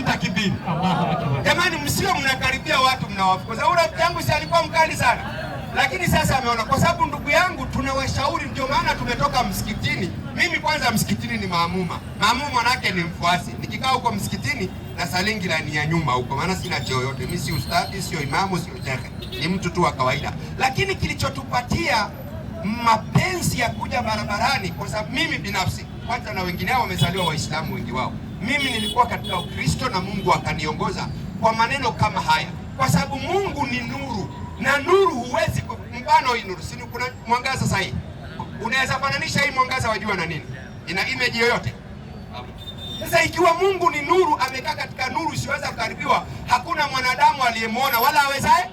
mtakibiri. Jamani, msio mnakaribia watu sababu rafiki yangu si alikuwa mkali sana, lakini sasa ameona, kwa sababu ndugu yangu, tunawashauri. Ndio maana tumetoka msikitini. Mimi kwanza msikitini ni maamuma, maamuma manake ni mfuasi. Nikikaa huko msikitini na salingi la ya nyuma huko, maana sina cheo yote. Mimi si ustadi, sio imamu, sio shekhe, ni mtu tu wa kawaida, lakini kilichotupatia mapenzi ya kuja barabarani, kwa sababu mimi binafsi kwanza na wengineo wamezaliwa Waislamu wengi wao mimi nilikuwa katika Ukristo na Mungu akaniongoza kwa maneno kama haya, kwa sababu Mungu ni nuru na nuru huwezi mfano, hii nuru Sini kuna mwangaza sahihi, unaweza fananisha hii mwangaza wajua na nini? Ina image yoyote? Sasa ikiwa Mungu ni nuru, amekaa katika nuru isiyoweza kukaribiwa, hakuna mwanadamu aliyemwona wala awezaye.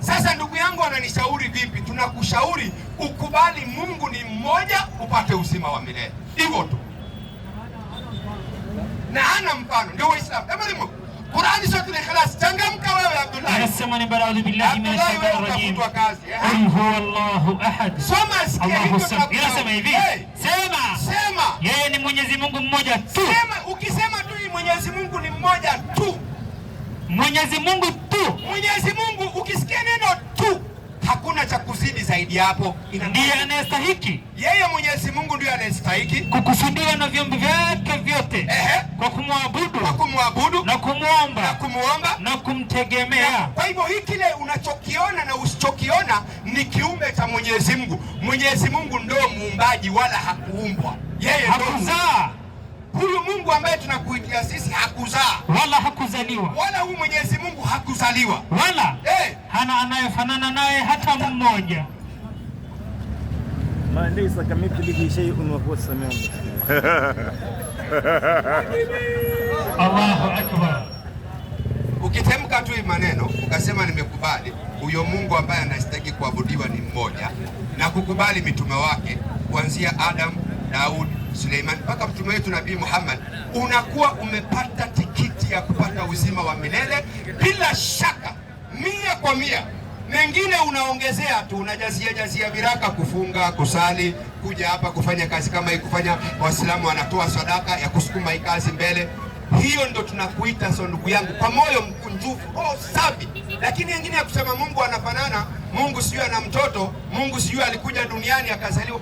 Sasa ndugu yangu ananishauri vipi? Tunakushauri ukubali Mungu ni mmoja, upate uzima wa milele, hivyo tu na hana mfano, ndio Uislamu. limu Qur'ani sura al-Ikhlas. Changamka wewe Abdullah, anasema ni baadhi billahi min ash rajim, eh? qul huwallahu ahad, soma Allahu samad. Inasema hivi, sema sema, yeye ni Mwenyezi Mungu mmoja tu. Sema, ukisema tu ni Mwenyezi Mungu ni mmoja tu, Mwenyezi Mungu tu, Mwenyezi Mungu, ukisikia neno tu, hakuna cha kuzidi zaidi hapo, ndiye anayestahili yeye Mwenyezi Mungu ndiye anastahili kukusudia na vyombo vyake vyote, ehe, kwa kumwabudu na kumwabudu na kumuomba na kumuomba na kumtegemea. Kwa hivyo hii kile unachokiona na usichokiona ni kiumbe cha Mwenyezi Mungu. Mwenyezi Mungu ndio muumbaji, wala hakuumbwa yeye, hakuzaa Huyu Mungu ambaye tunakuitia sisi hakuzaa wala hakuzaliwa, wala huyu Mwenyezi Mungu hakuzaliwa wala eh, hana anayefanana naye hata mmoja. Maandisa kamiti bihi shay'un wa Allahu akbar. tu maneno ukasema nimekubali, huyo Mungu ambaye anastahili kuabudiwa ni mmoja, na kukubali mitume wake kuanzia Adam, Daud, Suleiman mpaka mtume wetu Nabii Muhammad, unakuwa umepata tikiti ya kupata uzima wa milele bila shaka, mia kwa mia mengine unaongezea tu, unajazia jazia viraka, kufunga, kusali, kuja hapa kufanya kazi kama hii, kufanya Waislamu wanatoa sadaka ya kusukuma hii kazi mbele. Hiyo ndo tunakuita so, ndugu yangu, kwa moyo mkunjufu, oh, safi. Lakini wengine ya kusema Mungu anafanana, Mungu sijui ana mtoto, Mungu sijui alikuja duniani akazaliwa.